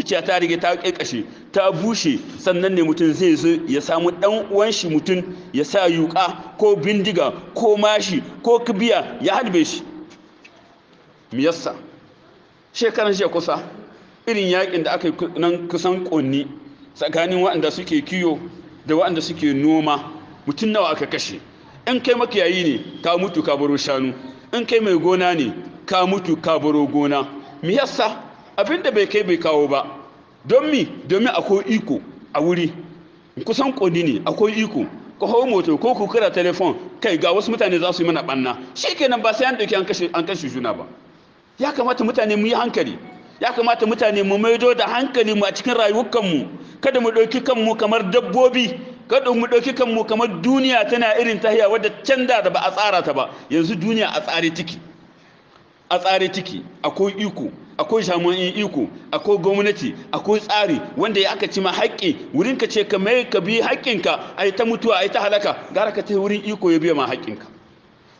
zuciya ta rige ta kirkashe ta bushe sannan ne mutum zai zo ya samu dan uwan shi mutum ya sa yuka ko bindiga ko mashi ko kibiya ya halbe shi yassa shekaran shi kusa irin yakin da aka yi nan kusan konni tsakanin waɗanda suke kiyo da waɗanda suke noma mutum nawa aka kashe in kai makiyayi ne ka mutu ka baro shanu in kai mai gona ne ka mutu ka baro gona yassa abinda bai kai bai kawo ba don mi domin akwai iko a wuri kusan kodi ne akwai iko ko hau moto ko ku telefon kai ga wasu mutane za su yi mana banna shikenan ba sai an dauki an kashe juna ba ya kamata mutane mu yi hankali ya kamata mutane mu maido da hankali mu a cikin rayukanmu kada mu ɗauki kanmu kamar dabbobi kada mu ɗauki kanmu kamar duniya tana irin tahiya wadda canza da ba a tsara ta ba yanzu duniya a tsare ciki a tsare ciki akwai iko akwai jami'in iko akwai gwamnati akwai tsari wanda ya aka ci ma haƙƙi wurin ka ce ka mai ka bi haƙƙinka a ta mutuwa a ta halaka gara ka ta wurin iko ya biya ma haƙƙinka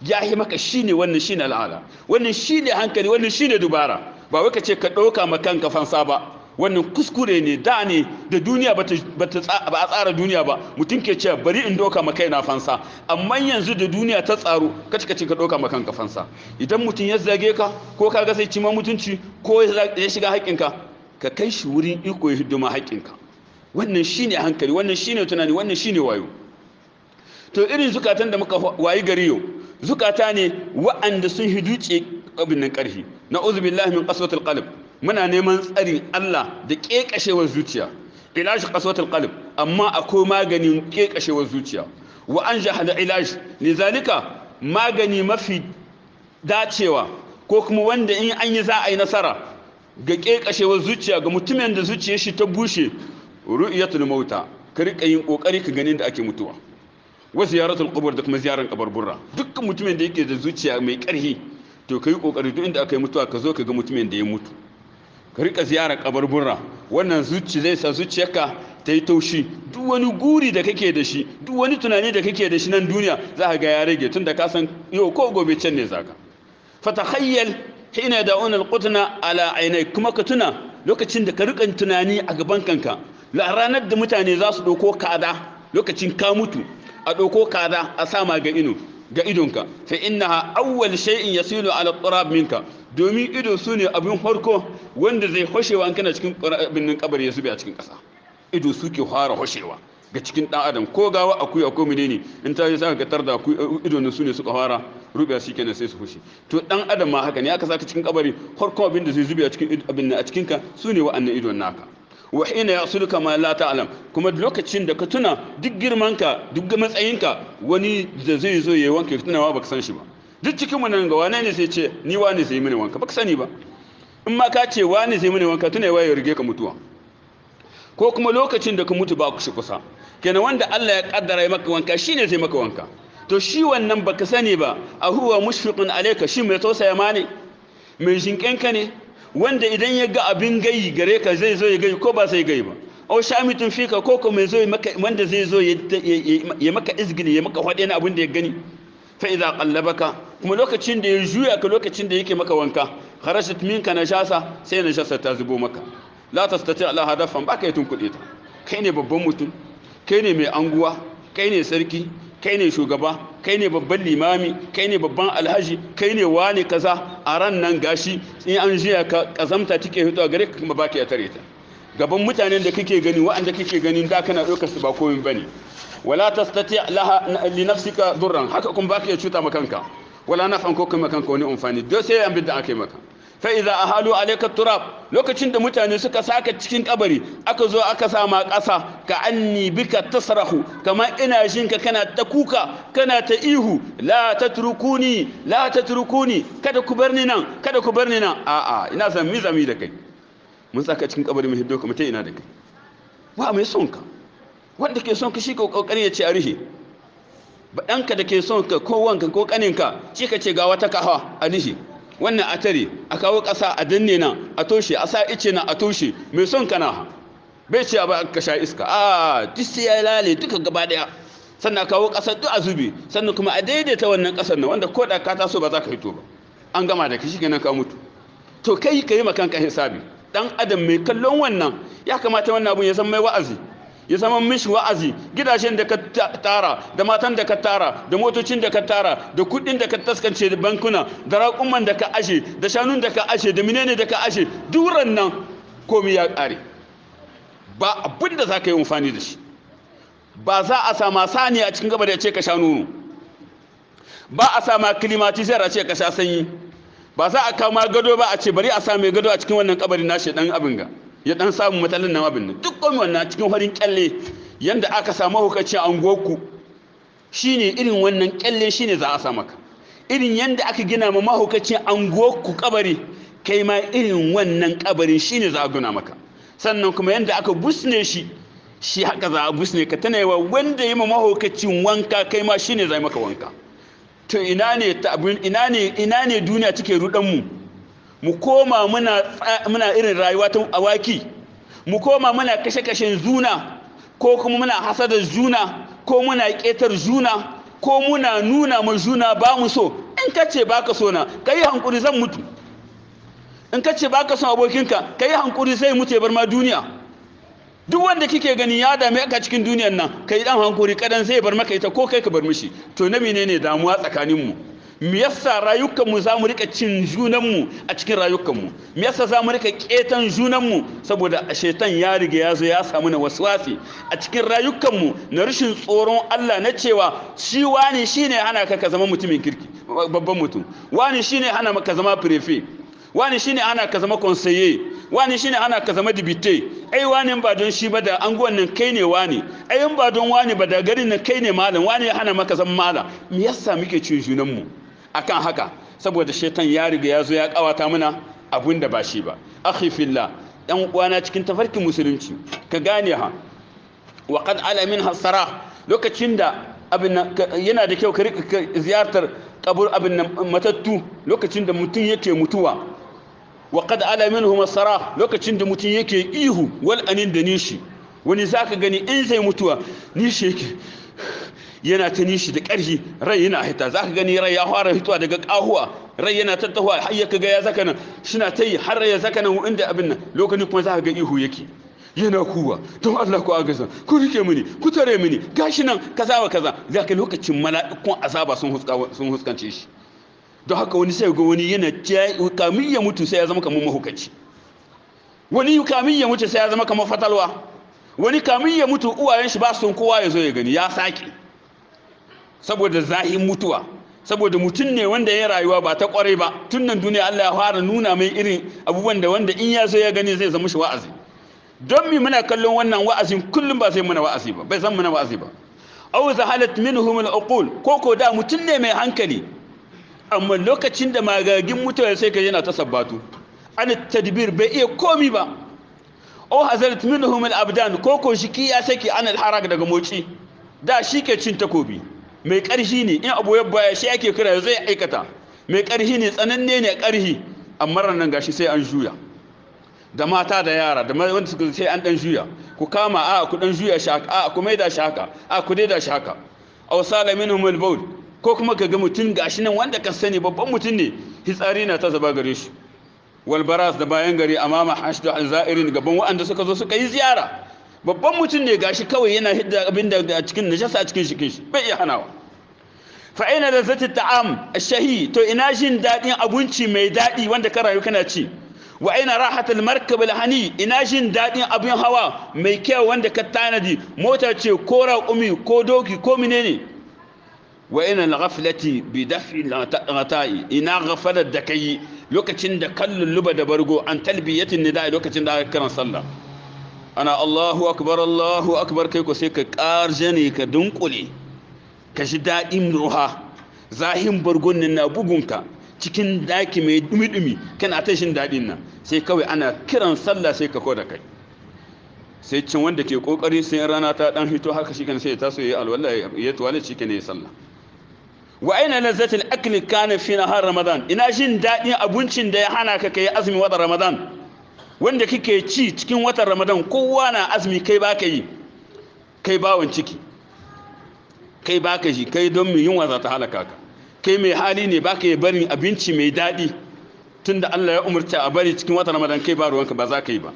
ya yi maka ne wannan shi ne al'ada wannan shi ne hankali wannan shi ne dubara ba wai ka ce ka ɗauka ma kanka fansa ba wannan kuskure ne da ne da duniya ba a tsara duniya ba mutum ke cewa bari in doka ma kaina fansa amma yanzu da duniya ta tsaro kacikacin ka doka ma kanka fansa idan mutum ya zage ka ko ka ga sai cima mutunci ko ya shiga haƙƙinka ka kai shi wurin iko ya hidima haƙƙinka wannan shine hankali wannan shine tunani wannan shine wayo to irin zukatan da muka wayi gari yau zukata ne wa'anda sun hiduce abin nan ƙarfi na uzubillahi min qaswatil qalb muna neman tsarin Allah da ƙeƙashewar zuciya ilashi qaswatul qalb amma akwai maganin ƙeƙashewar zuciya wa an anjaha da ilashi zalika magani mafi dacewa ko kuma wanda in an yi za a yi nasara ga ƙeƙashewar zuciya ga mutumin da zuciya shi ta bushe ru'iyatul mauta ka riƙa yin ƙoƙari ka ganin da ake mutuwa wa ziyaratul qubur da kuma ziyaran burra dukkan mutumin da yake da zuciya mai ƙarfi to kai ƙoƙari duk inda aka yi mutuwa ka zo ka ga mutumin da ya mutu ka rika ziyarar kabarburra wannan zuci zai sa zuciyarka ta yi taushi duk wani guri da kake da shi duk wani tunani da kake da shi nan duniya za ka ga ya rage tun da ka san yau ko gobe can ne zaka fatakhayyal hina da'una kutuna ala ainai kuma ka tuna lokacin da ka rika tunani a gaban kanka ranar da mutane za su ɗauko kada lokacin ka mutu a ɗauko kada a sama ga ino ga idonka fa innaha awwal shay'in yasilu ala turab minka domin ido su ne abin farko wanda zai hoshewa an kana cikin binnin kabar ya sube a cikin ƙasa ido su ke fara hoshewa ga cikin ɗan adam ko gawa a kuya ko menene in ta yi sa ka tarda da ido ne su ne suka fara rubiya shi kenan sai su hushe to ɗan adam ma haka ne aka saka cikin kabari farko abin da zai zubi a cikin abin a cikin ka su ne wa'annan idon naka wa hina suluka ma la ta'lam kuma lokacin da ka tuna duk girman ka duk matsayinka wani da zai zo yayi wanka tunawa baka san shi ba duk cikin mu nan ga wane ne sai ce ni wane sai mini wanka baka sani ba in ma ka ce wane sai mini wanka tunai waye rige ka mutuwa ko kuma lokacin da ka mutu ba ku shi kusa kenan wanda Allah ya kaddara maka wanka shine zai maka wanka to shi wannan baka sani ba a huwa mushfiqun alayka shi mai tausaya ma ne mai ka ne wanda idan ya ga abin gayi gare ka zai zo ya gayi ko ba sai gayi ba au shamitun fika ko ko mai zo wanda zai zo ya maka izgini ya maka hade na abin da ya gani fa iza qallabaka kuma lokacin da ya juya ka lokacin da yake maka wanka kharajat minka najasa sai najasa ta zubo maka la tastati ala hadafan baka yi tunkuɗe ta kai ne babban mutum kai ne mai anguwa kai ne sarki kai ne shugaba kai ne babban limami kai ne babban alhaji kai ne wani kaza a ran nan gashi in an jiya ka kazamta take hitowa gare ka kuma baki ya tare ta gaban mutanen da kake gani waɗanda kake ganin da kana ɗaukar su ba komai bane wala tastati laha li nafsika durran haka kuma baki ya cuta maka kanka wala naf'an ko kuma kanka wani amfani don sai an bidda akai maka fa idza ahalu alayka turab lokacin da mutane suka saka cikin kabari aka zo aka sama ƙasa ka anni bika tasrahu kama ina jin ka kana ta kuka kana ta ihu la tatrukuni la tatrukuni kada ku barni nan kada ku barni nan a a ina san mi zami da kai mun saka cikin kabari mu hiddo ka mu ta ina da kai wa mai son ka wanda ke son ka shi ka kokari ya ce a rihe ba ɗanka da ke son ka ko ko ƙaninka shi ka ce ga wata kawa a nishi wannan a tare a kawo ƙasa a danne na a toshe a sa ice na a toshe mai son kana bai ce ba ka sha iska a tisti ya lale duka gaba ɗaya sannan a kawo ƙasar duk a zubi sannan kuma a daidaita wannan ƙasar na wanda ko da ka taso ba za ka hito ba an gama da ka ganin kenan ka mutu to kai ka yi makanka hisabi dan adam mai kallon wannan ya kamata wannan abun ya san mai wa'azi ya zama mishi wa'azi gidashen da ka tara da matan da ka tara da motocin da ka tara da kuɗin da ka taskance da bankuna da raƙuman da ka ashe da shanun da ka ashe da minene da ka ashe duran nan komi ya ƙare ba abin da za ka yi amfani da shi ba za a sama saniya a cikin gaba da ya ce ka sha nono ba a sama kilimatizar a ce ka sha sanyi ba za a kama gado ba a ce bari a same gado a cikin wannan kabarin nashi dan abin ga ya dan samu matsalan na mabin duk komai wannan cikin farin kyalle yanda aka samu hukaci a unguwarku shine irin wannan kyalle shine za a sa maka irin yanda aka gina ma mahaukaci anguwarku kabari kai ma irin wannan kabarin shine za a gina maka sannan kuma yanda aka busne shi shi haka za a busne ka tana yawa wanda yi ma mahukacin wanka kai ma shine yi maka wanka to ina ne ina ne ina ne duniya take rudan mu mu koma muna irin rayuwa ta awaki mu koma muna kashe-kashen zuna ko kuma muna hasadar zuna ko muna ƙetar zuna ko muna nuna ma zuna ba mu so in ka ce ba ka so na ka yi hankuri zan mutu in ka ce ba ka son abokinka ka yi hankuri zai mutu ya bar ma duniya duk wanda kike gani ya dame aka cikin duniyan nan ka yi dan hankuri kadan zai bar maka ita ko kai ka bar mishi to na menene damuwa tsakaninmu mu yasa rayukanmu za mu rika cin junanmu a cikin rayukanmu mu yasa za mu rika ketan junanmu saboda shaitan ya riga ya zo ya samu na waswasi a cikin rayukanmu na rashin tsoron Allah na cewa shi wani shine hana ka ka zama mutumin kirki babban mutum wani shine hana ka zama prefe wani shine hana ka zama conseiller wani shine hana ka zama dibite ai wani ba don shi ba da anguwan nan kai ne wani ai ba don wani ba da garin nan kai ne malam wani ya hana maka zama malam me yasa muke cin junanmu mu akan haka saboda shaitan ya riga ya zo ya kawata muna abun da ba shi ba akhi fillah uwana cikin tafarkin musulunci ka gane ha wa qad ala minha sarah lokacin da abin yana da kyau ka rika ziyartar kabur abin matattu lokacin da mutum yake mutuwa wa qad ala minhum lokacin da mutum yake ihu wal anin da nishi wani zaka gani in zai mutuwa nishi yake yana ta nishi da ƙarfi rai yana hita za ka gani rai ya fara hitowa daga ƙahuwa rai yana tattahuwa har ya kaga ya zaka nan shina ta yi har ya zaka nan inda abin nan lokacin kuma za ka ga ihu yake yana kuwa don Allah ku agasa ku rike mini ku tare mini gashi nan kaza wa kaza za ka lokacin mala'ikun azaba sun sun huskance shi don haka wani sai ga wani yana kamin ya mutu sai ya zama kamar mahukaci wani kamin ya mutu sai ya zama kamar fatalwa wani kamin ya mutu uwayen shi ba su kowa ya zo ya gani ya sake saboda zahin mutuwa saboda mutum ne wanda ya rayuwa ba ta kwarai ba tun nan duniya Allah ya fara nuna mai irin abubuwan da wanda in ya zo ya gani zai zama shi wa'azi don mi muna kallon wannan wa'azin kullum ba sai muna wa'azi ba bai san muna wa'azi ba aw zahalat minhum al ko ko da mutum ne mai hankali amma lokacin da magagin mutuwa sai ka yana ta sabbatu an tadbir bai iya komi ba aw hazalat minhum al-abdan ko ko shiki ya saki an al-harak daga moci da shi ke cin takobi mai ƙarhi ne in abu ya baya shi ake kira zai aikata mai ƙarhi ne tsananne ne ƙarhi amma ranar gashi sai an juya da mata da yara da wanda suka sai an dan juya ku kama a ku dan juya shaka a ku maida shaka a ku da shaka aw salaminhum albaul ko kuma kaga mutun gashi nan wanda ka sani babban mutum ne hitsari na ta zaba gare shi wal da bayan gari amama hashdu zairin gaban wanda suka zo suka yi ziyara babban mutum ne gashi kawai yana hidda abin da cikin najasa a cikin shi bai iya hanawa fa da zata ta'am a shahi to ina jin daɗin abinci mai daɗi wanda ka rayu kana ci wa aina rahatul markab al-hani ina jin daɗin abin hawa mai kyau wanda ka tanadi mota ce ko raƙumi ko doki ko menene wa ina al-ghaflati bi daf'i al-ghata'i ina ghafalat da kai lokacin da kallon luba da bargo an talbiyatin nida'i lokacin da aka kiran sallah ana Allahu akbar Allahu akbar kai ku sai ka ƙarje ne ka dunkule ka shi daɗin ruha zahin bargon na bugunka cikin daki mai dumi-dumi kana ta daɗin nan sai kawai ana kiran sallah sai ka koda kai sai cin wanda ke kokari sai rana ta dan hito haka shi kan sai ta so yi alwala ya tuwale shi kan yi sallah wa aina lazzatul akli kana fi nahar ramadan ina shin daɗin abincin da ya hana ka kai azumi wa ramadan wanda kike ci cikin watan ramadan kowa na azumi kai ba ka yi kai bawon ciki kai ba ka shi kai don mai yunwa za ta halaka ka kai mai hali ne ba ka yi barin abinci mai daɗi tun da allah ya umarta a bari cikin watan ramadan kai ba ruwanka ba za ka yi ba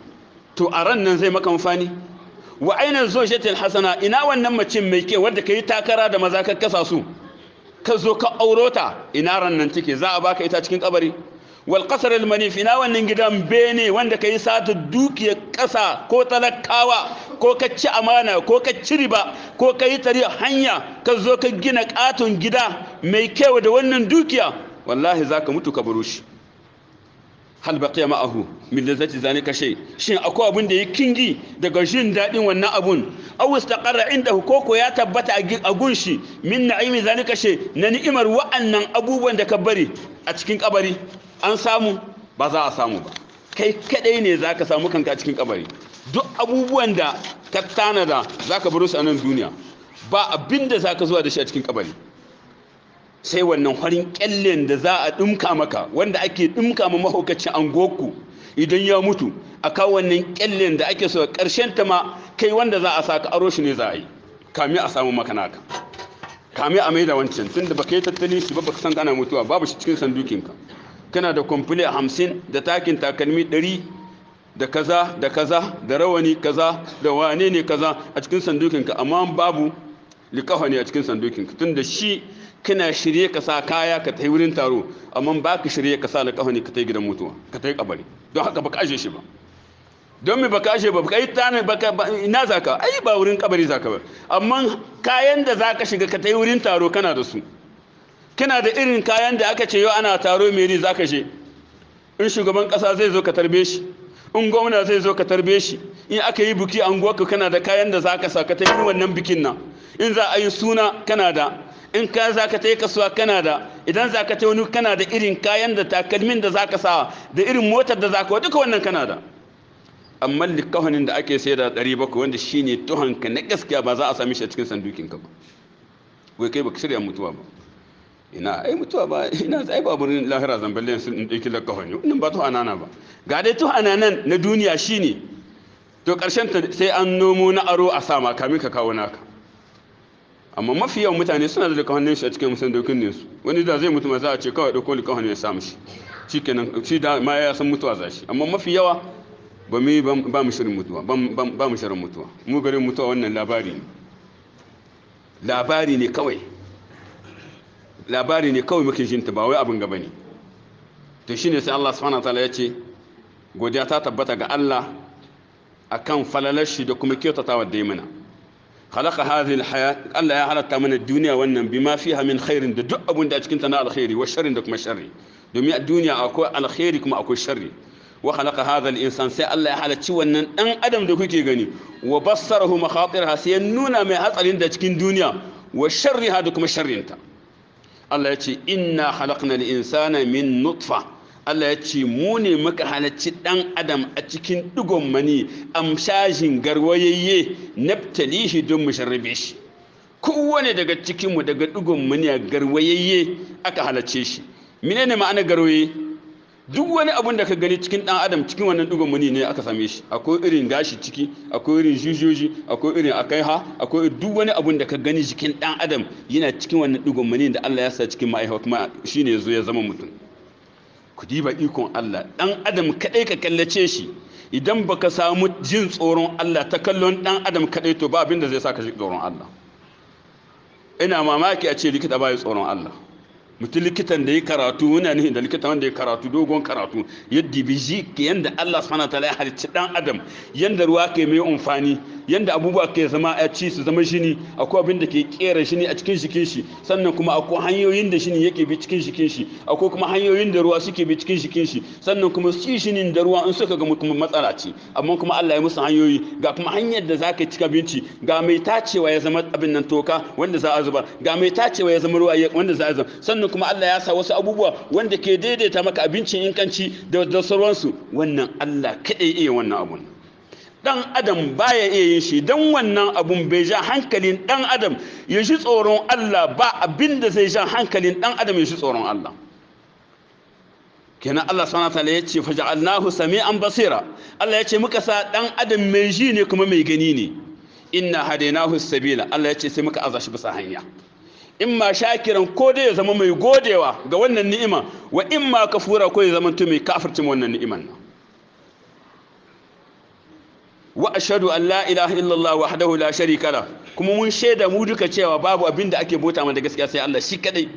to a ran nan zai maka amfani wa ainihin zo shetel hasana ina wannan mace mai ke wadda ka yi takara da maza ka kasa su ka zo ka aurota ina ran nan ciki za a baka ita cikin kabari wal qasr al manif ina wannan gidan bene wanda kai sata dukiyar ƙasa ko talakawa ko ka ci amana ko ka ci riba ko ka yi tari hanya ka zo ka gina katon gida mai kyau da wannan dukiya wallahi zaka mutu ka baro shi hal baqiya ma'ahu min lazzati zalika shay shin akwai abun da ya kingi daga jin daɗin wannan abun aw istaqarra indahu koko ya tabbata a gunshi min na'imi zalika shay na ni'imar wa'annan abubuwan da ka bari a cikin kabari an samu ba za a samu ba kai kadai ne za ka samu kanka cikin kabari duk abubuwan da ka tanada za ka baro su a nan duniya ba abin da za ka zuwa da shi a cikin kabari sai wannan harin kyallen da za a ɗumka maka wanda ake ɗumka ma mahaukacin angoku idan ya mutu a kawo wannan kyallen da ake so karshen ta ma kai wanda za a sa ka aro shi ne za a yi kame a samu maka naka kame a mai da wancan tun da baka yi tattali shi ba ka san kana mutuwa babu shi cikin sandukinka kana da kwamfule hamsin da takin takalmi 100 da kaza da kaza da rawani kaza da wane ne kaza a cikin sandukinka amma babu likafa ne a cikin sandukinka tun da shi kana shirye ka sa kaya ka tai wurin taro amma ba ka shirye ka sa kafa ne ka tai gidan mutuwa ka tai kabari don haka ba ka ashe shi ba don me baka ashe ba baka yi tana ka ina zaka ai ba wurin kabari zaka ba amma kayan da zaka shiga ka tai wurin taro kana da su kina da irin kayan da aka ce yau ana taro meri za ka je in shugaban ƙasa zai zo ka tarbe shi in gwamna zai zo ka tarbe shi in aka yi buki ka kana da kayan da za ka sa ka tafi wannan bikin nan in za a yi suna kana da in ka za ka yi kasuwa kana da idan za ka wani kana da irin kayan da takalmin da za ka sa da irin motar da za ka duka wannan kana da amma likahonin da ake sai da 700 wanda shine tuhanka na gaskiya ba za a sami shi a cikin sandukinka ba wai kai baka shirya mutuwa ba ina ai mutuwa ba ina ai ba burin lahira zambale yanzu in ɗauki lakkafa ne wannan ba to anana ba ga dai to ananan na duniya shine to ƙarshen ta sai an nomo na aro a sama kamin ka kawo naka amma mafi yawan mutane suna da likawannin shi a cikin musan dokin ne su wani da zai mutu ma za a ce kawai ɗauko likawannin ya samu shi shikenan shi da ma ya san mutuwa za shi amma mafi yawa ba mu ba mu shirin mutuwa ba mu shirin mutuwa mu garin mutuwa wannan labari ne labari ne kawai labari ne kawai muke jinta ba wai abin gaba ne to shine sai Allah subhanahu wataala ya ce godiya ta tabbata ga Allah akan falalar shi da kuma kyautata wa daimana, khalaqa hadhihi alhayat Allah ya halatta mana duniya wannan bima fiha min khairin da duk abin da a cikin ta na alkhairi wa sharrin da kuma sharri domin a duniya akwai alkhairi kuma akwai sharri wa khalaqa hadha al-insan sai Allah ya halacci wannan dan adam da kuke gani wa bassarahu makhatirha sai ya nuna mai hatsarin da cikin duniya wa sharriha da kuma sharrinta Allah ya ce inna khalaqnal insana min nutfa Allah ya ce mu ne muka halarci ɗan adam a cikin ɗigon mani amshashin garwayayye shi don mu sharrabe shi kowane daga cikinmu daga ɗigon mani a garwayayye aka halarce shi menene ma'ana garwaye duk wani abun da ka gani cikin dan adam cikin wannan dugon mani ne aka same shi akwai irin gashi ciki akwai irin jijiyoyi akwai irin ha akwai duk wani abun da ka gani cikin dan adam yana cikin wannan dugon mani da Allah ya sa cikin ma'aihawa kuma shine yazo ya zama mutum ku diba ikon Allah dan adam kadai ka kallace shi idan baka samu jin tsoron Allah ta kallon dan adam kadai to ba abin da zai saka ji tsoron Allah ina mamaki a ce likita ba tsoron Allah mutum likitan da ya karatu wani nihin da likitan wanda ya karatu dogon karatu yadda biji yadda Allah subhanahu wataala ya halicci dan adam yanda ruwa ke mai amfani yanda abubuwa ke zama a ci su zama shini akwai abin da ke kera shini a cikin jikin shi sannan kuma akwai hanyoyin da shini yake bi cikin jikin shi akwai kuma hanyoyin da ruwa suke bi cikin jikin shi sannan kuma shi shinin da ruwa in suka ga mutum matsala ce amma kuma Allah ya musu hanyoyi ga kuma hanyar da zaka ci abinci ga mai tacewa ya zama abin nan toka wanda za a zuba ga mai tacewa ya zama ruwa wanda za a zuba sannan kuma Allah ya sa wasu abubuwa wanda ke daidaita maka abincin inkanci da sauransu wannan Allah kaɗai iya wannan abun dan adam baya iya yin shi dan wannan abun bai ja hankalin dan adam ya shi tsoron Allah ba abinda zai ja hankalin dan adam ya shi tsoron Allah kenan Allah subhanahu wataala ya ce faja'alnahu sami'an basira Allah ya ce muka sa dan adam mai ji ne kuma mai gani ne inna hadainahu sabila Allah ya ce sai muka azashi bisa hanya in ma shakiran ko dai ya zama mai godewa ga wannan ni'ima wa in ma kafura ko ya zama mai kafircin wannan ni'iman nan wa ashhadu an la ilaha illallah wahdahu la sharika la kuma mun shaida mu duka cewa babu abin da ake bota mana gaskiya sai Allah shi kadai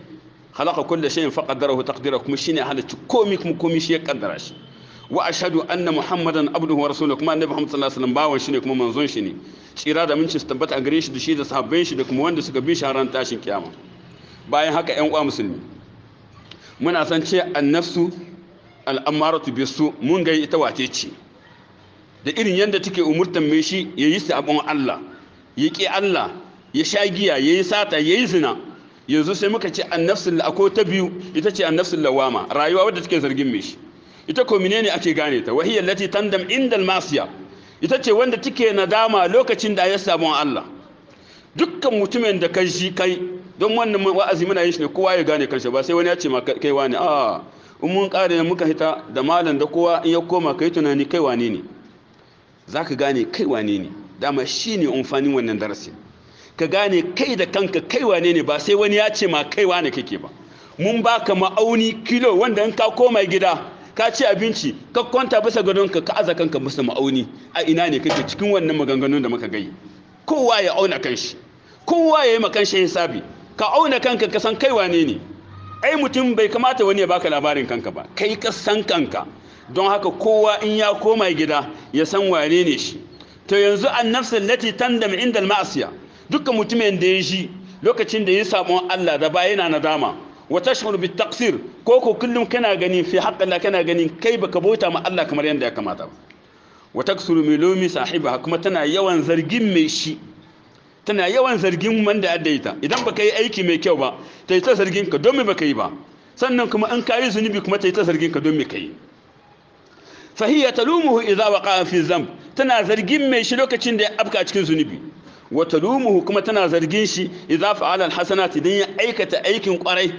khalaqa kulli shay'in faqaddarahu taqdira kuma shine halacci komai kuma komai shi ya kaddara shi wa ashhadu anna muhammadan abduhu wa rasuluhu kuma annabi muhammad sallallahu alaihi wasallam bawon shi ne kuma manzon shi ne tsira da mun ci tabbata a gare shi da shi da sahabban shi da kuma wanda suka bi shi har ran tashin kiyama bayan haka ƴan uwa musulmi muna san ce annafsu al'amaratu bisu mun ga ita wace ce da irin yadda take umurtan mai shi ya yi sabon Allah ya ƙi Allah ya sha giya ya yi sata ya yi zina yanzu sai muka ce an la ko ta biyu ita ce an nafsin lawama rayuwa wadda take zargin mai shi ita ko ne ake gane ta wahiyar lati tandam indal masiya ita ce wanda take nadama lokacin da ya sabon Allah dukkan mutumin da kan shi kai don wannan wa'azi muna yin shi ne kowa ya gane kansa ba sai wani ya ce ma kai wani a in mun kare muka hita da malam da kowa in ya koma kai tunani kai wane ne za ka gane kai wane ne dama shi ne amfanin wannan darasi ka gane kai da kanka kai wane ne ba sai wani ya ce ma kai wane kake ba mun baka ma'auni kilo wanda in ka koma gida ka ci abinci ka kwanta bisa gadonka ka aza kanka bisa ma'auni a ina ne kake cikin wannan maganganun da muka gai kowa ya auna kanshi kowa ya yi ma kanshi hisabi ka auna kanka ka san kai wane ne ai mutum bai kamata wani ya baka labarin kanka ba kai ka san kanka don haka kowa in ya koma gida ya san wane ne shi to yanzu an nafsin lati tandam inda ma'asiya dukkan mutumin da ya shi lokacin da ya samu Allah da ba yana nadama wa tashmul bi taqsir ko ko kullum kana gani fi haqqilla kana gani kai baka bauta ma Allah kamar yanda ya kamata ba wa taksuru milumi sahiba kuma tana yawan zargin mai shi tana yawan zargin wanda ya daita idan baka yi aiki mai kyau ba ta yi ta zargin ka don me baka yi ba sannan kuma an kare zunubi kuma ta yi ta zargin ka don me kai fahiya talumuhu idza waqa fi zamb tana zargin mai shi lokacin da ya afka cikin zunubi wa talumuhu kuma tana zargin shi idza fa'ala alhasanati don ya aikata aikin kwarai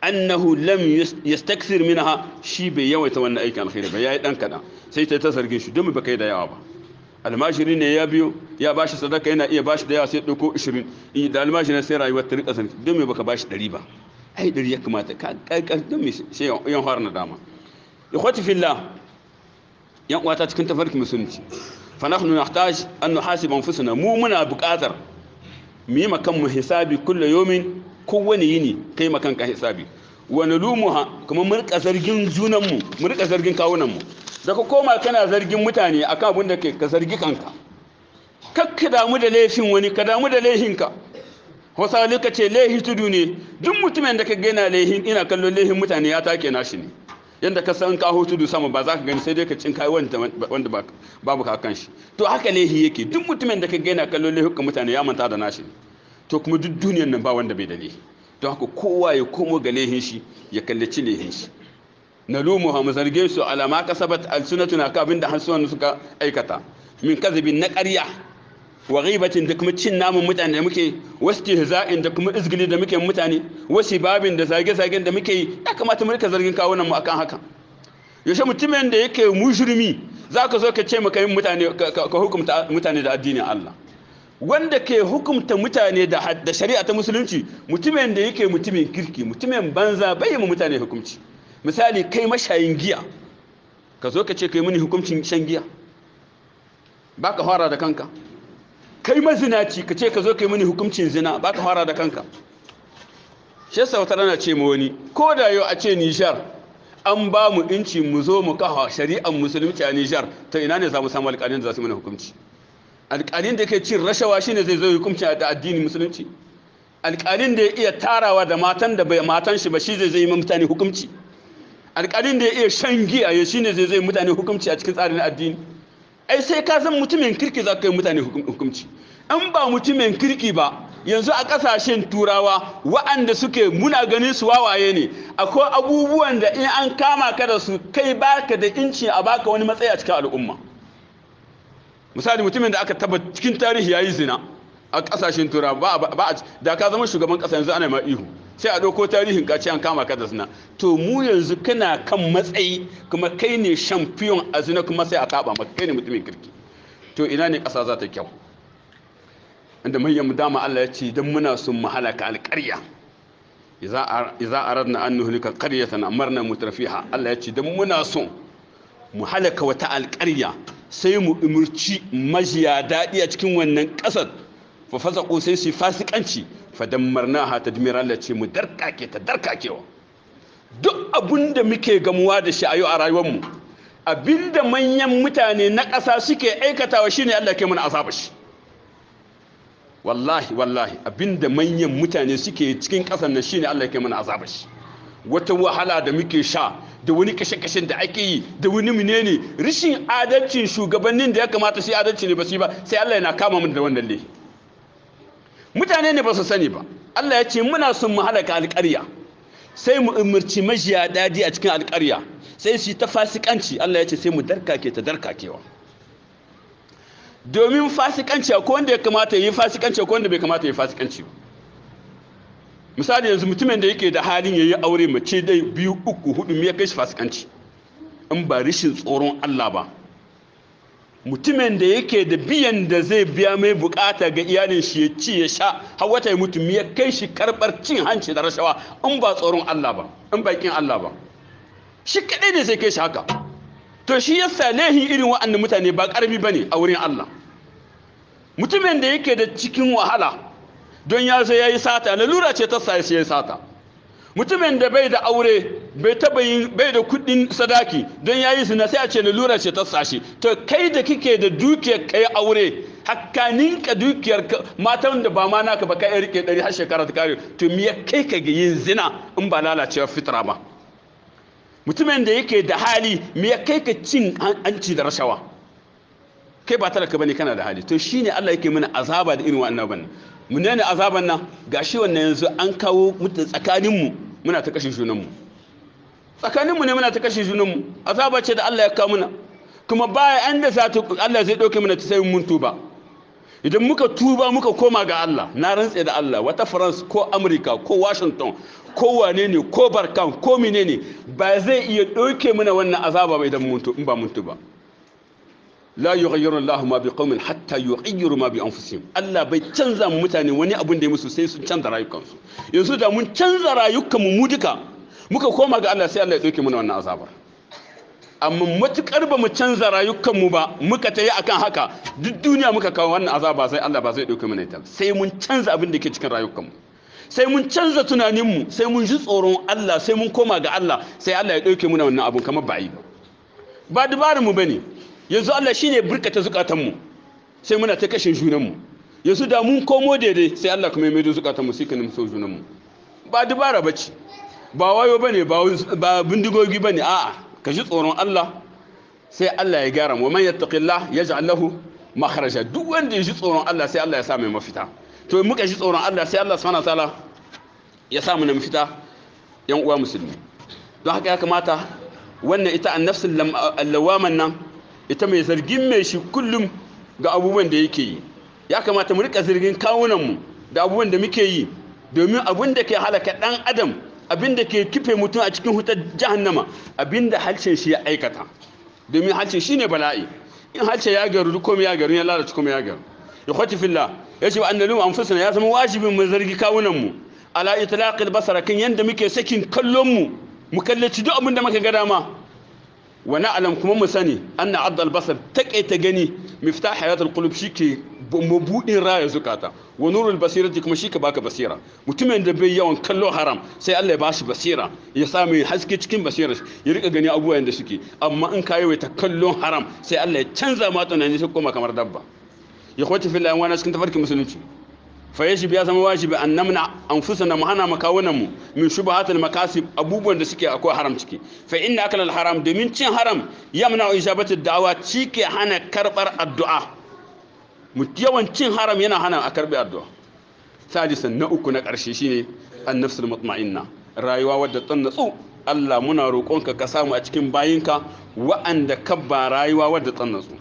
annahu lam yastakthir minha shi bai yawaita wannan aikin alkhairi ba yayi dan kada sai ta zargin shi don baka yi da yawa ba almajiri ne ya biyo ya bashi sadaka yana iya bashi da yawa sai dauko 20 da almajiri sai rayuwar ta rika sanin don ka baka bashi 100 ba ai 100 ya kamata ka kai don me sai yan har na dama ikhwati fillah yan uwata cikin tafarki musulunci fa na taj an nuhasib anfusana mu muna buƙatar mu yi makan mu hisabi kulle yomin kowane yini kai makan ka hisabi lumu ha kuma murka zargin junanmu murka zargin kawunan mu da ka koma kana zargin mutane akan abin da ke, ka zargi kanka kak ka damu da laifin wani ka damu da laifinka wasu ka ce laifin tudu ne duk mutumin da ka gaina laihin ina kallon laihin mutane ya take nashi ne yadda ka san kaho tudu sama ba za ka gani sai dai ka cin kai wanda babu ka kan shi to haka lehi yake duk mutumin da ka gaina kallon lehukan mutane ya manta da nashi to kuma duk duniyan nan ba wanda bai da lehi to haka kowa ya komo ga lehin shi ya kallaci lehin shi na lumu mu zarge su alama kasabat alsunatuna ka abinda hansuwan suka aikata min kazibin na ƙarya wa ghibatin da kuma cin namun mutane da muke wastihza'in da kuma izgili da muke mutane wasu babin da zage-zagen da muke yi ya kamata mu rika zargin kawunan mu akan haka yaushe mutumin da yake mushrimi ka zo ka ce maka yin mutane ka hukumta mutane da addinin Allah wanda ke hukumta mutane da shari'a ta musulunci mutumin da yake mutumin kirki mutumin banza bai mu mutane hukunci misali kai mashayin giya ka zo ka ce kai mini hukuncin shan giya baka fara da kanka kai mazinaci ka ce ka zo kai mini hukuncin zina ba ka fara da kanka shi yasa wata rana ce ma wani ko da yau a ce nishar an ba mu inci mu zo mu kafa shari'ar musulunci a nishar ta ina ne za mu samu alƙalin da za su mana hukunci alƙalin da ke cin rashawa shine zai zo hukunci da addinin musulunci alƙalin da ya iya tarawa da matan da bai matan shi ba shi zai zai mutane hukunci alƙalin da ya iya shan giya ya shine zai zai mutane hukunci a cikin tsarin addini ai sai ka san mutumin kirki za ka yi mutane hukumci in ba mutumin kirki ba yanzu a kasashen turawa wa'anda suke muna ganin su wawaye ne akwai abubuwan da in an kama ka da su kai baka da inci a baka wani matsayi a cikin al'umma misali mutumin da aka taba cikin tarihi ya yi zina a kasashen turawa ba da ka zama shugaban kasa yanzu ana ma ihu sai a ɗauko tarihin kaci an kama ka da suna. to mu yanzu kana kan matsayi kuma kai ne shamfiyon a zina kuma sai a taɓa maka kai ne mutumin kirki to ina ne ƙasa za ta kyau inda manyan dama Allah ya ce don muna sun halaka alƙarya iza aradna an nuhlika sana marna mutrafiha Allah ya ce don muna sun mu halaka wata alƙarya sai mu umurci majiya daɗi a cikin wannan ƙasar fa fasa sai su fasikanci fadammarnaha tadmira Allah ce mu darkake ta darkakewa duk da muke gamuwa da shi a yau a rayuwarmu abinda manyan mutane na ƙasa suke aikatawa shine Allah ke mana azaba shi wallahi wallahi abinda manyan mutane suke cikin ƙasar nan shine Allah ke mana azaba shi wata wahala da muke sha da wani kashe-kashen da ake yi da wani menene rishin adalcin shugabannin da ya kamata su adalci ne ba su yi ba sai Allah yana kama mu da wannan ne. mutane ne ba su sani ba Allah ya ce muna sun mu halaka alƙarya sai mu umarci majiya dadi a cikin alƙarya sai su ta fasikanci Allah ya ce sai mu darkake ta darkakewa domin fasikanci ko wanda ya kamata yi fasikanci ko wanda bai kamata yi fasikanci misali yanzu mutumin da yake da halin yayi aure mace dai biyu uku hudu me ya kai shi fasikanci in ba rishin tsoron Allah ba mutumin da yake da biyan da zai biya mai bukata ga iyalin shi ya ci ya sha har wata ya mutum ya kai shi karbar cin hanci da rashawa in ba tsoron Allah ba in bakin Allah ba shi kadai ne sai kai shi haka to shi ya salehi irin wa'annan mutane ba karfi bane a wurin Allah mutumin da yake da cikin wahala don ya zo yayi sata lalura ce ta sa sai sata mutumin da bai da aure bai taba yin bai da kudin sadaki don yayi na sai a ce lura ce ta sashi to kai da kike da dukiyar kai aure hakkanin ka dukiyar matan da ba ma naka ba kai rike dari har shekara ta kare to me kai ka ga yin zina in ba lalacewa fitara ba mutumin da yake da hali me kai ka cin hanci da rashawa kai ba talaka bane kana da hali to shine Allah yake mana azaba da irin wannan bannan mun ne azaban nan gashi wannan yanzu an kawo mutu tsakaninmu muna ta kashin shunanmu mu tsakaninmu ne muna ta kashe junanmu azaba ce da Allah ya kawo muna kuma baya an da Allah zai ɗauke muna ta sayin mun tuba idan muka tuba muka koma ga Allah na rantse da Allah wata France ko America ko Washington ko wane ne ko Barkan ko ne ba zai iya ɗauke muna wannan azaba ba idan mun in ba mun tuba la yughayyiru Allah ma biqaumin hatta yughayyiru ma bi anfusihim Allah bai canza mutane wani abun da ya musu sai sun canza rayukansu yanzu da mun canza rayukanmu mu duka muka koma ga Allah sai Allah ya ɗauke mana wannan azabar amma matukar ba mu canza rayukanmu ba muka a akan haka duk duniya muka kawo wannan azaba sai Allah ba zai ɗauke mana ita sai mun canza abin da ke cikin rayukanmu sai mun canza tunaninmu sai mun ji tsoron Allah sai mun koma ga Allah sai Allah ya ɗauke mana wannan abin kamar ba yi ba ba dabarinmu ba ne yanzu Allah shi ne burkata zukatanmu sai muna ta kashin junanmu yanzu da mun komo daidai sai Allah kuma ya maido zukatanmu sai ka nemi sau junanmu ba dubara ba ce ba wayo bane ba bindigogi bane a'a ka ji tsoron Allah sai Allah ya gyara mu man yattaqillah yaj'al lahu makhraja duk wanda ya ji tsoron Allah sai Allah ya sa mai mafita to mu ka ji tsoron Allah sai Allah subhanahu ta'ala ya sa mu na mafita yan uwa musulmi don haka ya kamata wannan ita annafsul lawaman nan ita mai zargin mai shi kullum ga abubuwan da yake yi ya kamata mu rika zargin kawunan mu da abubuwan da muke yi domin abun da ke halaka dan adam abinda ke kife mutum a cikin hutar jahannama abinda halcin shi ya aikata domin halcin shi ne bala'i in halce ya garu duk komai ya garu ya lalace komai ya garu ya kwaci filla ya ce an dalu anfusuna ya zama wajibin mu zargi kawunan mu ala itlaqil basara kan yanda muke sakin kallon mu mu kallaci duk abin da muka ga dama wa na'lam kuma mu sani anna adda al basar taqaita gani miftah hayatul qulub ke. mabuɗin raya zukata wa nurul basirati kuma shi ka baka basira mutumin da bai yawan kallo haram sai Allah ya bashi basira ya sa haske cikin basira. ya rika gani abubuwa da suke amma in ka yawaita kallon haram sai Allah ya canza ma tunani sai koma kamar dabba ya kwace fil ayan cikin tafarkin musulunci fa yashi biya zama wajibi an namna anfusana mu hana makawunan mu min shubahatul makasib abubuwan da suke akwai haram ciki fa inna akal haram domin cin haram yamna ijabatu da'awa cike hana karbar addu'a yawan cin haram yana hana a karbi addu'a sadisan na uku na ƙarshe shine annafsul mutma'inna rayuwa wadda tsan natsu Allah muna roƙonka ka samu a cikin bayinka wa'anda ka ba rayuwa wadda tsan natsu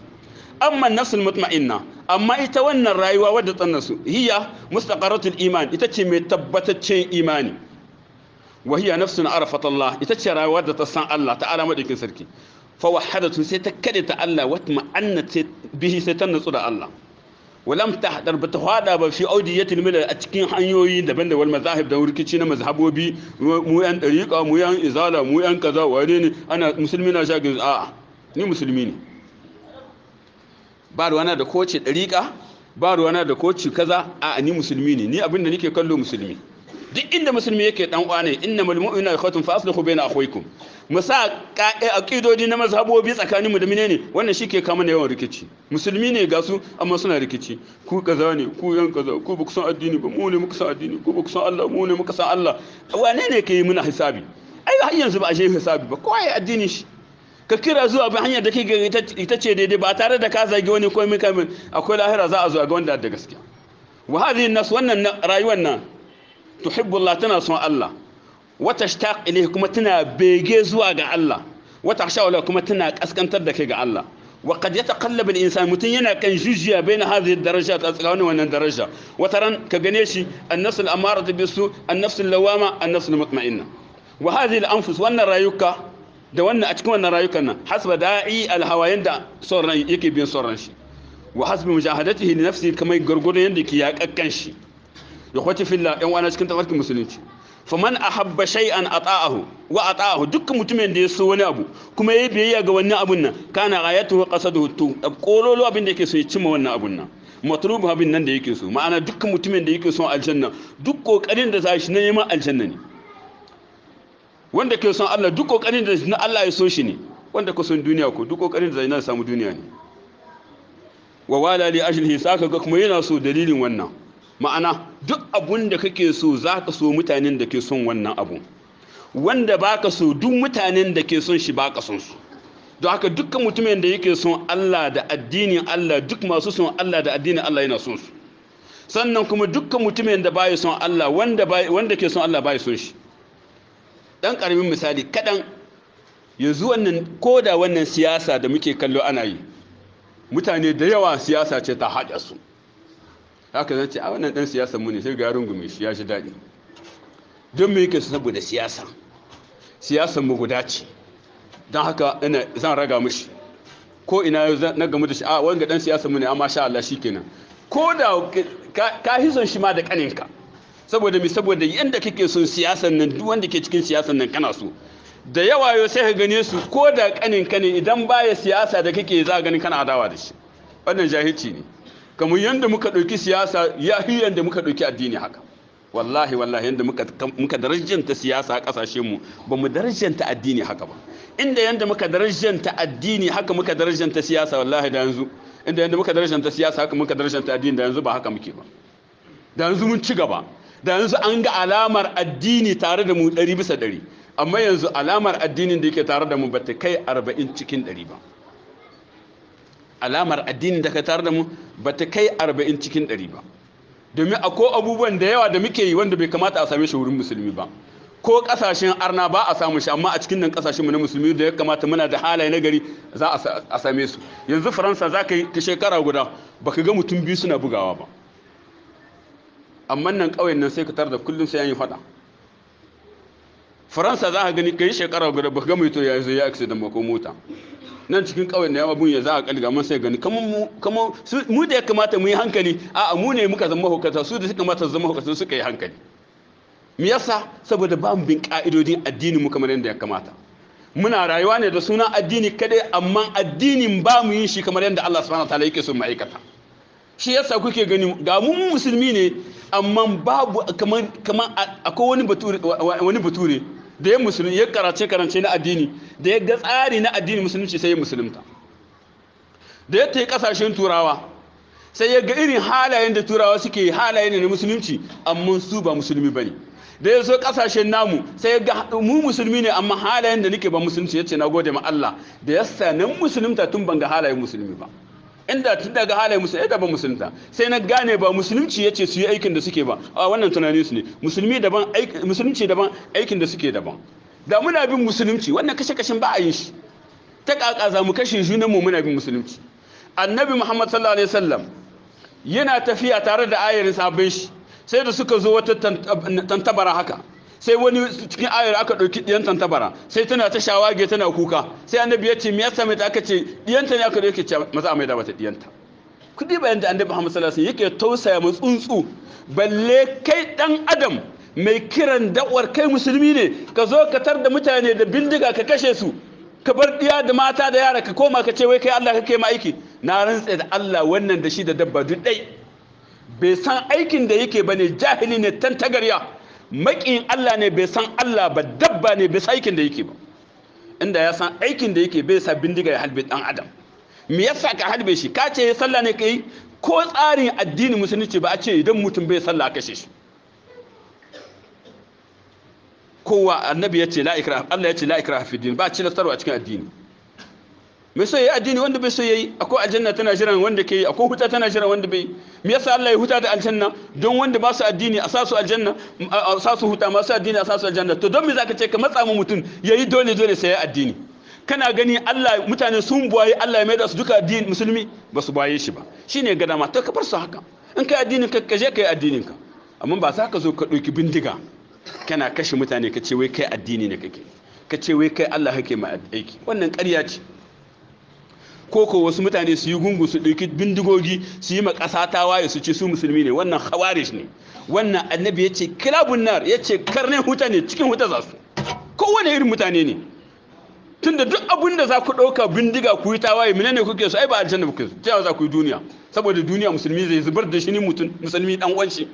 amma nafsul mutma'inna amma ita wannan rayuwa wadda tsan natsu hiya mustaqaratul iman ita ce mai tabbataccen imani wa hiya nafsun arafat Allah ita ce rayuwa da ta san Allah ta'ala madaukin sarki fa wahadatu sai ta kade ta Allah wa ma'annat bihi sai ta natsu da Allah walam ta hadar ba ta hada ba fi audiyatul milal a cikin hanyoyi daban da mazahib da rikici na mazhabobi mu yan dariqa mu yan izala mu yan kaza wane ne ana musulmi na shagin a ni musulmi ne ba ruwana da kowace dariqa ba ruwana da kowace kaza a ni musulmi ne ni abinda kallo musulmi duk inda musulmi yake dan uwa ne mu sa eh, ƙidodi na mazhabobi tsakanin mu da ne wannan shi ke kama yawan rikici musulmi ne ga su amma suna rikici ku kaza ne ku yan kaza ku ba ku san addini ba mu ne muka san addini ku ba ku san Allah mu ne muka san Allah wane ne ke yi muna hisabi ai har yanzu ba a shi hisabi ba kowa ya addini shi ka kira zuwa bi hanyar da ke gari ita ce daidai ba tare da ka zagi wani komai kamin akwai lahira za a zo a ga wanda da gaskiya wa hadhihi nas wannan rayuwar nan tuhibbullah tana son Allah wata shtaq ilayhi kuma tana bege zuwa ga Allah wata shawala kuma tana kaskantar da kai ga Allah wa qad yataqallabu al-insan mutun yana kan jujiya baina hadhihi daraja ta tsakanin wannan daraja wataran ka gane shi an-nafs al-amaratu bisu an-nafs al-lawama an-nafs al-mutma'inna wa hadhihi al-anfus wannan rayuka da wannan a cikin wannan rayukan nan hasba da'i al-hawayan da son yake bin son shi wa hasbi mujahadatihi li nafsihi kamar gargudun yanda yake yakakkan shi ya kwace filla yan uwana cikin tafarkin musulunci faman ahabba shay'an ata'ahu wa a ata'ahu dukkan mutumin da ya so wani abu kuma ya biyayya ga wannan abun nan kana da hutu a kololo abin da yake so ya cimma wannan abun nan matlubu abin nan da yake so ma'ana dukkan mutumin da yake so aljanna duk kokarin da zai shi na neman aljanna ne wanda ke son Allah duk kokarin da na Allah ya so shi ne wanda ka son duniya ko duk kokarin da zai na samu duniya ne wa wala li ajlihi saka ga kuma yana so dalilin wannan ma'ana duk abun da kake so za ka so mutanen da ke son wannan abu. wanda ba ka so duk mutanen da ke son shi ba ka son su don haka dukkan mutumin da yake son Allah da addinin Allah duk masu son Allah da addinin Allah yana son su sannan kuma dukkan mutumin da baya son Allah wanda wanda ke son Allah baya son shi dan karamin misali kadan yanzu wannan koda wannan siyasa da muke kallo ana yi mutane da yawa siyasa ce ta haɗa su haka zai ce a ah, wannan dan siyasa mu ne sai ga rungume shi ya shi daɗi don mu yake saboda siyasa siyasan mu guda ce don haka ina zan raga mishi ko ina na gamu da shi a ah, wanga dan siyasa mu ne amma ah, sha Allah shikenan ko da ka hizon shi ma da kaninka saboda mi saboda yanda kake son siyasan nan duk wanda ke cikin siyasan nan kana so da yawa yau sai ka gane su ko da kaninka ne idan baya siyasa da kake za ganin kana adawa da shi wannan jahilci ne kamar yadda muka ɗauki siyasa ya fi yadda muka ɗauki addini haka wallahi wallahi yadda muka darajanta siyasa a ƙasashen mu ba mu darajanta addini haka ba inda yadda muka darajanta addini haka muka darajanta siyasa wallahi da yanzu inda yadda muka darajanta siyasa haka muka darajanta addini da yanzu ba haka muke ba da yanzu mun ci gaba da yanzu an ga alamar addini tare da mu ɗari bisa ɗari amma yanzu alamar addinin da yake tare da mu ba ta kai arba'in cikin ɗari ba alamar addinin da ka tar da mu ba ta kai arba'in cikin ɗari ba domin a ko abubuwan da yawa da muke yi wanda bai kamata a same shi wurin musulmi ba ko ƙasashen arna ba a samu shi amma a cikin nan mu na musulmi da ya kamata muna da halaye na gari za a same su yanzu faransa za ka yi ta shekara guda ba ka ga mutum biyu suna bugawa ba amma nan ƙauyen nan sai ka tar da kullum sai an yi faɗa faransa za ka gani ka yi shekara guda ba ka ga mutum ya zo ya accident ba ko mota nan cikin ƙauyen na abun ya za a kalga man sai gani kamar mu da ya kamata mu yi hankali a mu ne muka zama hukata su da suka mata zama hukata suka yi hankali me yasa saboda ba mu bin ka'idodin addini mu kamar yadda ya kamata muna rayuwa ne da sunan addini kadai amma addinin ba mu yin shi kamar yadda Allah subhanahu ta'ala yake so mu aikata shi yasa kuke gani ga mu musulmi ne amma babu kamar kamar akwai wani bature wani bature da ya musulun ya karace karance na addini da ya ga tsari na addini musulunci sai ya musulunta da ya tafi kasashen turawa sai ya ga irin halayen da turawa suke halayen na musulunci amma su ba musulmi bane da ya zo kasashen namu sai ya ga mu musulmi ne amma halayen da nake ba musulunci ya ce na gode ma Allah da ya sanin musulunta tun ban ga halayen musulmi ba inda tun daga halaye musulmi da ba musulunta sai na gane ba musulunci ya ce su yi aikin da suke ba a wannan tunanin su ne musulmi daban musulunci daban aikin da suke daban da muna bin musulunci wannan kashe kashen ba a yi shi ta kaka za mu kashe junan mu muna bin musulunci annabi muhammad sallallahu alaihi wasallam yana tafiya tare da ayarin sabon shi sai da suka zo wata tantabara haka sai wani cikin ayar aka ɗauki ta bara. sai tana ta shawage tana kuka sai annabi ya ce me yasa mai aka ce ɗiyanta ne aka yake ce maza mai da mata ɗiyanta kuɗi bayan da annabi Muhammad sallallahu alaihi yake tausaya mu tsuntsu balle kai dan adam mai kiran da'war kai musulmi ne ka zo ka tar da mutane da bindiga ka kashe su ka bar ɗiya da mata da yara ka koma ka ce wai kai Allah kake ma aiki na rantsa da Allah wannan da shi da dabba duk dai bai san aikin da yake bane jahili ne tantagarya maƙin Allah ne bai san Allah ba dabba ne bai san aikin da yake ba inda ya san aikin da yake bai sa bindiga ya halbe dan adam me yasa ka halbe shi ka ce sallah ne kai ko tsarin addini musulunci ba a ce idan mutum bai sallah kashe shi kowa annabi ya ce la ikraha Allah ya ce la ikraha fi din ba ci nasarwa cikin addini mai so addini wanda bai so akwai aljanna tana jiran wanda ke yi akwai huta tana jiran wanda bai me yasa Allah ya huta da aljanna don wanda ba su addini a sasu aljanna a sasu huta masu addini a sasu aljanna to don me zaka ce ka matsa mu mutum yayi dole dole sai ya addini kana gani Allah mutane sun buwaye Allah ya maida su duka addini musulmi ba su buwaye shi ba shine ga dama ka bar su haka in kai addinin ka kaje kai addinin ka amma ba za ka zo ka ɗauki bindiga kana kashe mutane ka ce wai kai addini ne kake ka ce wai kai Allah kake mai aiki wannan ƙarya ce ko wasu mutane su yi gungu su ɗauki bindigogi su yi ma ƙasa ta waye su ce su musulmi ne wannan hawarish ne wannan annabi ya ce kilabun nar ya ce karnin huta ne cikin huta za su kowane irin mutane ne tunda duk abin da za ku ɗauka bindiga ku yi tawaye mene ne kuke su? ai ba aljanna kuke so cewa za ku yi duniya saboda duniya musulmi zai zubar da shi ne mutum musulmi dan uwan shi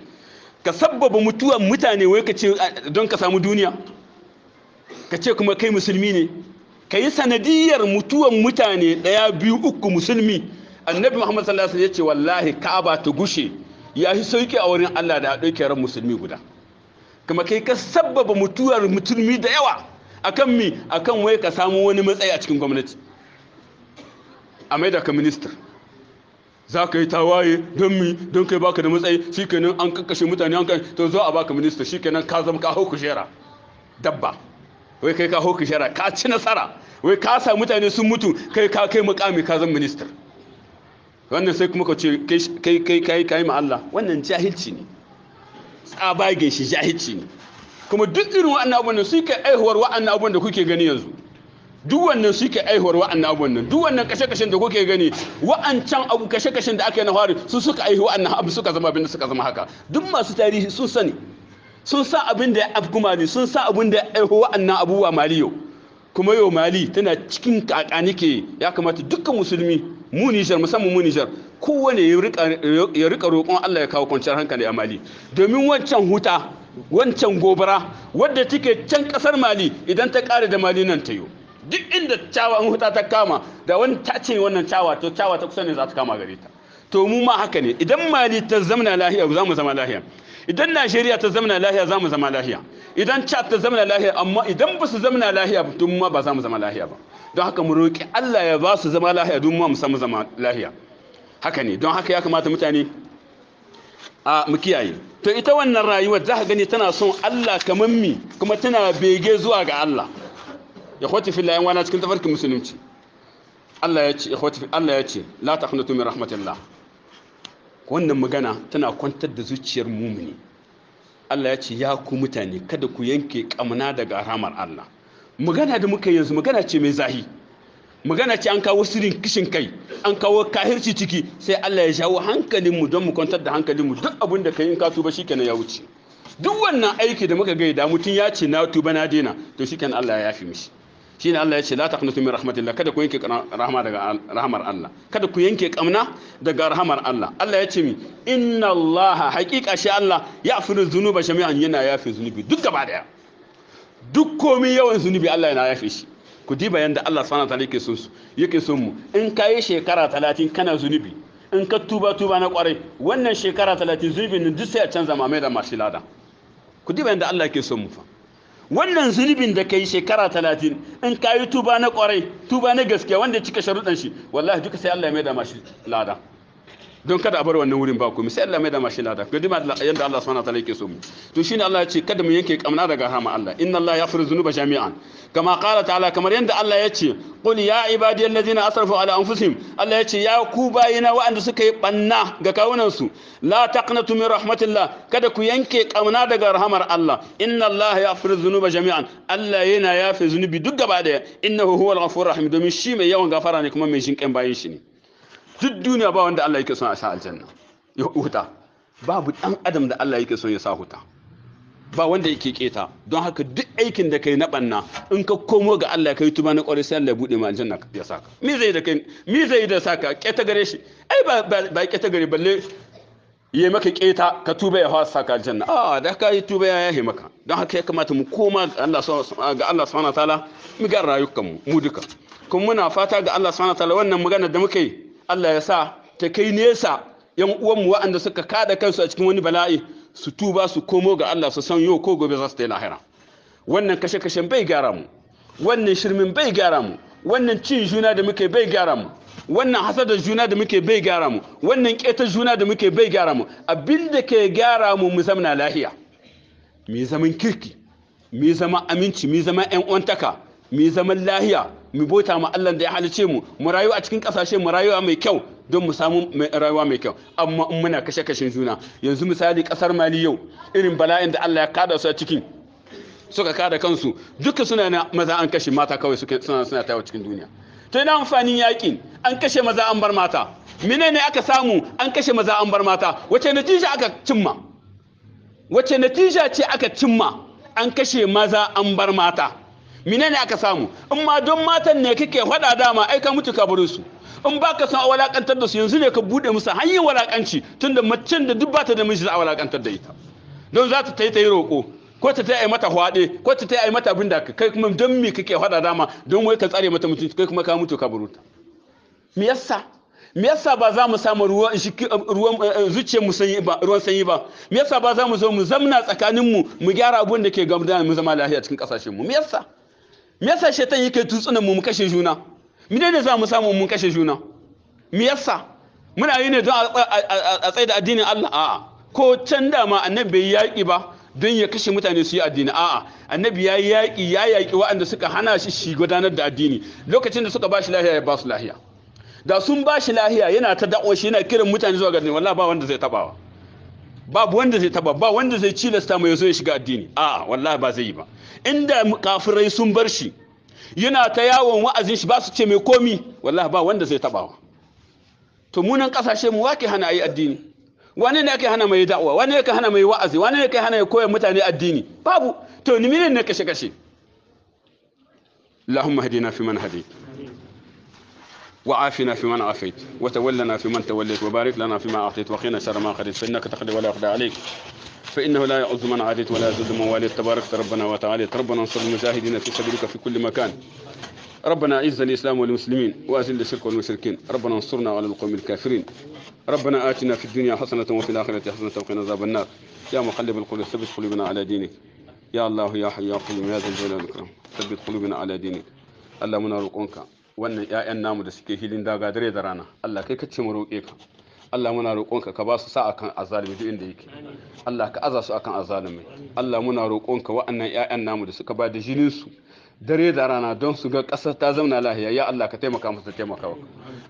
ka sabbaba mutuwan mutane wai ka ce don ka samu duniya ka ce kuma kai musulmi ne ka yi sanadiyar mutuwan mutane ɗaya biyu uku musulmi annabi muhammad sallallahu alaihi ya ce wallahi ka'aba ta gushe ya shi sauki a wurin allah da a ɗauke ran musulmi guda kuma kai ka sabbaba mutuwar musulmi da yawa akan mi akan wai ka samu wani matsayi a cikin gwamnati a mai da ka minista za ka yi tawaye don mi don kai baka da matsayi shi kenan an kakkashe mutane an kai to zo a baka minista kenan ka zama ka hau kujera dabba wai kai ka hoki shara ka ci nasara wai ka sa mutane sun mutu kai ka kai mukami ka zan minister wannan sai kuma ka ce kai kai kai kai ma Allah wannan jahilci ne tsabagen shi jahilci ne kuma duk irin wa'annan abubuwan nan suke aihuwar wa'annan abubuwan da kuke gani yanzu duk wannan suke aihuwar wa'annan abubuwan nan duk wannan kashe-kashen da kuke gani wa'ancan abu kashe-kashen da aka yi na fari su suka aihu wa'annan abu suka zama abin da suka zama haka duk masu tarihi sun sani sun sa abin da ya afku mali sun sa abin da ya aiho wa'annan abubuwa mali yau kuma yau mali tana cikin kakani ke ya kamata dukkan musulmi mu nijar musamman mu nijar kowane ya rika roƙon Allah ya kawo kwanciyar hankali a mali domin wancan huta wancan gobara wadda take can kasar mali idan ta ƙare da mali nan ta yi duk inda cawa in huta ta kama da wani ta ce wannan cawa to cawa ta kusa ne za ta kama gare ta to mu ma haka ne idan mali ta zama lahiya za mu zama lahiya idan najeriya ta zamana lahiya za mu zama lahiya idan chad ta zamana lahiya amma idan ba su zamana lahiya ba tun ma ba za mu zama lahiya ba don haka mu roƙi allah ya ba su zama lahiya don ma mu samu zama lahiya haka ne don haka ya kamata mutane a mu kiyaye to ita wannan rayuwar za ka gani tana son allah kamar mi kuma tana bege zuwa ga allah ya kwata fi layan wana cikin tafarkin musulunci allah ya ce allah ya ce la ta tumi rahmatillah wannan magana tana kwantar da zuciyar mumini Allah ya ce ya ku mutane kada ku yanke kamna daga ramar Allah magana da muka yanzu magana ce mai zahi magana ce an kawo sirrin kishin kai an kawo kahirci ciki sai Allah ya jawo hankalinmu don mu kwantar da hankalin mu duk abin da ka yi in ka tuba shikenan ya wuce duk wannan aiki da muka gaida mutum ya ce na tuba na dena, to shikenan Allah ya yafi mishi ne Allah ya ce la taqnatu min rahmatillah kada ku yanke rahama daga rahmar Allah kada ku yanke kamna daga rahmar Allah Allah ya ce mi inna Allah haqiqa shi Allah afiru dhunuba jami'an yana yafi zunubi duk gaba daya duk komai yawan zunubi Allah yana yafi shi ku diba yanda Allah subhanahu wa ta'ala yake son su yake son mu in kai shekara 30 kana zunubi in ka tuba tuba na kwarai wannan shekara 30 zunubin duk sai a canza mamai da mashi lada ku diba yanda Allah yake son mu fa wannan zunubin da kai shekara talatin in ka yi tuba na kwarai tuba na gaskiya wanda cika sharuɗan shi wallahi duka sai Allah ya mai da mashi lada don kada a bar wannan wurin ba komai sai Allah mai da mashi lada ga dima yadda Allah subhanahu wataala yake so mu to shine Allah ya ce kada mu yanke kamna daga rahama Allah inna Allah yaghfiru dhunuba jami'an kama qala ta'ala kamar yadda Allah ya ce qul ya ibadi allazina asrafu ala anfusihim Allah ya ce ya ku bayina waɗanda suka yi banna ga kawunan su la taqnatu min rahmatillah kada ku yanke kamna daga rahamar Allah inna Allah yaghfiru dhunuba jami'an Allah yana yafe zunubi duk gaba daya innahu huwal ghafurur rahim domin shi mai yawan gafara ne kuma mai jinƙin bayin shi ne duk duniya ba wanda Allah yake son a sa aljanna ya huta babu dan adam da Allah yake son ya sa huta ba wanda yake keta don haka duk aikin da kai na banna in ka komo ga Allah kai tuba na kwarai sai Allah bude ma aljanna ya saka me zai da kai me zai da saka keta gare shi ai ba ba keta gare balle yi maka keta ka tuba ya fa saka aljanna a da ka yi tuba ya yi maka don haka ya kamata mu koma ga Allah subhanahu wa ta'ala mu ga rayukan mu mu duka kuma muna fata ga Allah subhanahu wa ta'ala wannan magana da muka yi Allah ya sa ta kai nesa yan uwanmu waɗanda suka kada kansu a cikin wani bala'i su tuba su komo ga Allah su san yau ko gobe za su ta yi lahira wannan kashe-kashen bai gyara mu wannan shirmin bai gyara mu wannan cin juna da muke bai gyara mu wannan hasadar juna da muke bai gyara mu wannan ƙeta juna da muke bai gyara mu abin da ke gyara mu mu zama lahiya mu zaman kirki mu zama aminci mu zama ƴan uwantaka mu zaman lahiya mu bota ma Allah da ya halice mu mu rayu a cikin kasashe mu rayuwa mai kyau don mu samu rayuwa mai kyau amma in muna kashe kashen juna yanzu misali kasar Mali yau irin bala'in da Allah ya kada su a cikin suka kada kansu duka suna na maza an kashe mata kawai suna suna tawo cikin duniya to ina amfanin yakin an kashe maza an bar mata menene aka samu an kashe maza an bar mata wace natija aka cimma wace natija ce aka cimma an kashe maza an bar mata mine ne aka samu in ma don matan ne kake faɗa dama ai ka mutu kabarin su in ba ka san a walakantar da su yanzu ne ka buɗe musu hanyar walakanci tunda macen da duk bata da miji za a walakantar da ita don za ta tayi tayi roƙo ko ta tayi mata hwaɗe ko ta tayi mata abin da kai kuma don me kake faɗa dama don wai ka tsare mata mutunci kai kuma ka mutu kabarin ta me yasa me yasa ba za mu samu ruwan eh, eh, zuciyar mu sanyi ba ruwan sanyi ba me yasa ba za mu zo mu zamna tsakanin mu mu gyara abun da ke gamda mu zama lafiya cikin kasashen mu me yasa me yasa shaitan yake tutsunan mu mu kashe juna mine ne za mu samu mu kashe juna me yasa muna yi ne don a tsaye da addinin Allah a'a ko can dama annabi bai yaƙi ba don ya kashe mutane su yi addini a'a annabi ya yaƙi ya yaƙi waɗanda suka hana shi shi gudanar da addini lokacin da suka ba shi lahiya ya ba su lahiya da sun ba shi lahiya yana ta da'o shi yana kiran mutane zuwa ga wallahi ba wanda zai tabawa babu wanda zai taba ba wanda zai cilasta mai yazo ya shiga addini a wallahi ba zai yi ba inda kafirai sun bar shi yana ta yawon wa'azin shi ba su ce mai komi wallahi ba wanda zai taba to munan kasashe mu wake hana ayi addini wane ne ake hana mai da'awa wane ne ke hana mai wa'azi wane ne yake hana ya koya mutane addini babu to ni ne kashe kashe اللهم اهدنا فيمن هديت وعافنا فيمن عافيت وتولنا فيمن توليت وبارك لنا فيما أعطيت وقنا شر ما قضيت فإنك تقضي ولا يقضى عليك فإنه لا يعز من عاديت ولا يزد من واليت تبارك ربنا وتعالى ربنا انصر المجاهدين في سبيلك في كل مكان ربنا اعز الاسلام والمسلمين واذل الشرك والمشركين ربنا انصرنا على القوم الكافرين ربنا اتنا في الدنيا حسنه وفي الاخره حسنه وقنا عذاب النار يا مقلب القلوب ثبت قلوبنا على دينك يا الله يا حي يا قيوم يا ذا الجلال والاكرام ثبت قلوبنا على دينك اللهم نار القنكة wannan 'ya'yan namu da suke hilin daga dare da rana Allah kai kace mu roƙe ka Allah muna roƙonka ka ba su sa akan azalimi duk inda yake Allah ka aza su akan azalimi Allah muna roƙonka wa'annan 'ya'yan namu da suka ba da jinin su dare da rana don su ga ƙasar ta zauna lahiya ya Allah ka taimaka musu taimakawa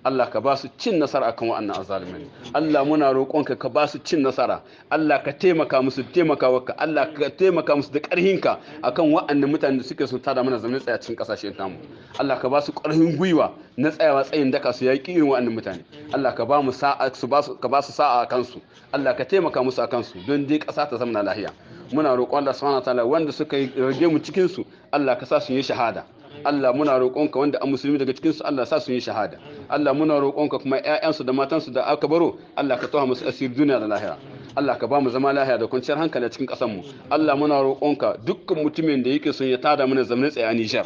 Allah ka ba su cin nasara akan wa'annan azalimin Allah muna roƙonka ka ba su cin nasara Allah ka taimaka musu taimakawa ka Allah ka taimaka musu da ƙarhinka akan wa'annan mutanen da suke sun tada mana tsaye tsaya cikin ƙasashen tamu. Allah ka ba su ƙarhin gwiwa na tsayawa tsayin daka su yaƙi irin wa'annan mutane Allah ka ba mu sa'a su ba su ka ba su sa'a a kansu. Allah ka taimaka musu a kansu don dai ƙasa ta zauna lahiya muna roƙon Allah subhanahu wataala wanda suka rage mu cikinsu su Allah ka sa su yi shahada Allah muna roƙonka wanda an musulmi daga cikin su Allah sa su yi shahada Allah muna roƙonka kuma 'ya'yansu da matansu da aka baro Allah ka tawa musu asiri duniya da lahira Allah ka ba mu zama lahiya da kwanciyar hankali a cikin ƙasar mu Allah muna roƙonka dukkan mutumin da yake son ya tada mana zamanin tsaye a Nijar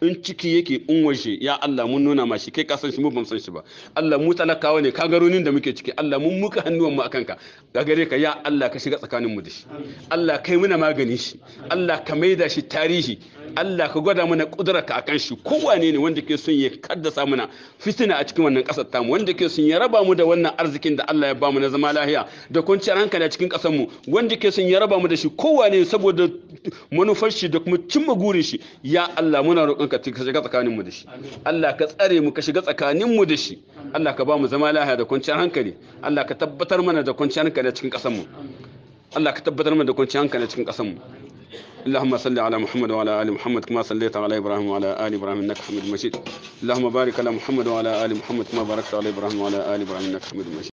in ciki yake in waje ya Allah mun nuna ma shi kai ka san shi mu ban san shi ba Allah mu talakawa ne ka garonin da muke ciki Allah mun muka hannuwan mu akan ka ga gare ka ya Allah ka shiga tsakanin mu da shi Allah kai muna magani shi Allah ka maida shi tarihi Allah ka gwada mana a kan shi Kowa ne wanda ke son ya kaddasa mana fitina a cikin wannan kasar tamu wanda ke son ya raba mu da wannan arzikin da Allah ya ba mu na zama lahiya da kwanciyar hankali a cikin kasar mu wanda ke son ya raba mu da shi kowa ne saboda manufar shi da kuma cimma gurin shi ya Allah muna roƙon ka shiga tsakanin mu da shi Allah ka tsare mu ka shiga tsakanin mu da shi Allah ka ba mu zama lahiya da kwanciyar hankali Allah ka tabbatar mana da kwanciyar hankali a cikin kasar mu Allah ka tabbatar mana da kwanciyar hankali a cikin kasar mu اللهم صل على محمد وعلى ال محمد كما صليت على ابراهيم وعلى ال ابراهيم انك حميد مجيد اللهم بارك على محمد وعلى ال محمد كما باركت على ابراهيم وعلى ال ابراهيم انك حميد مجيد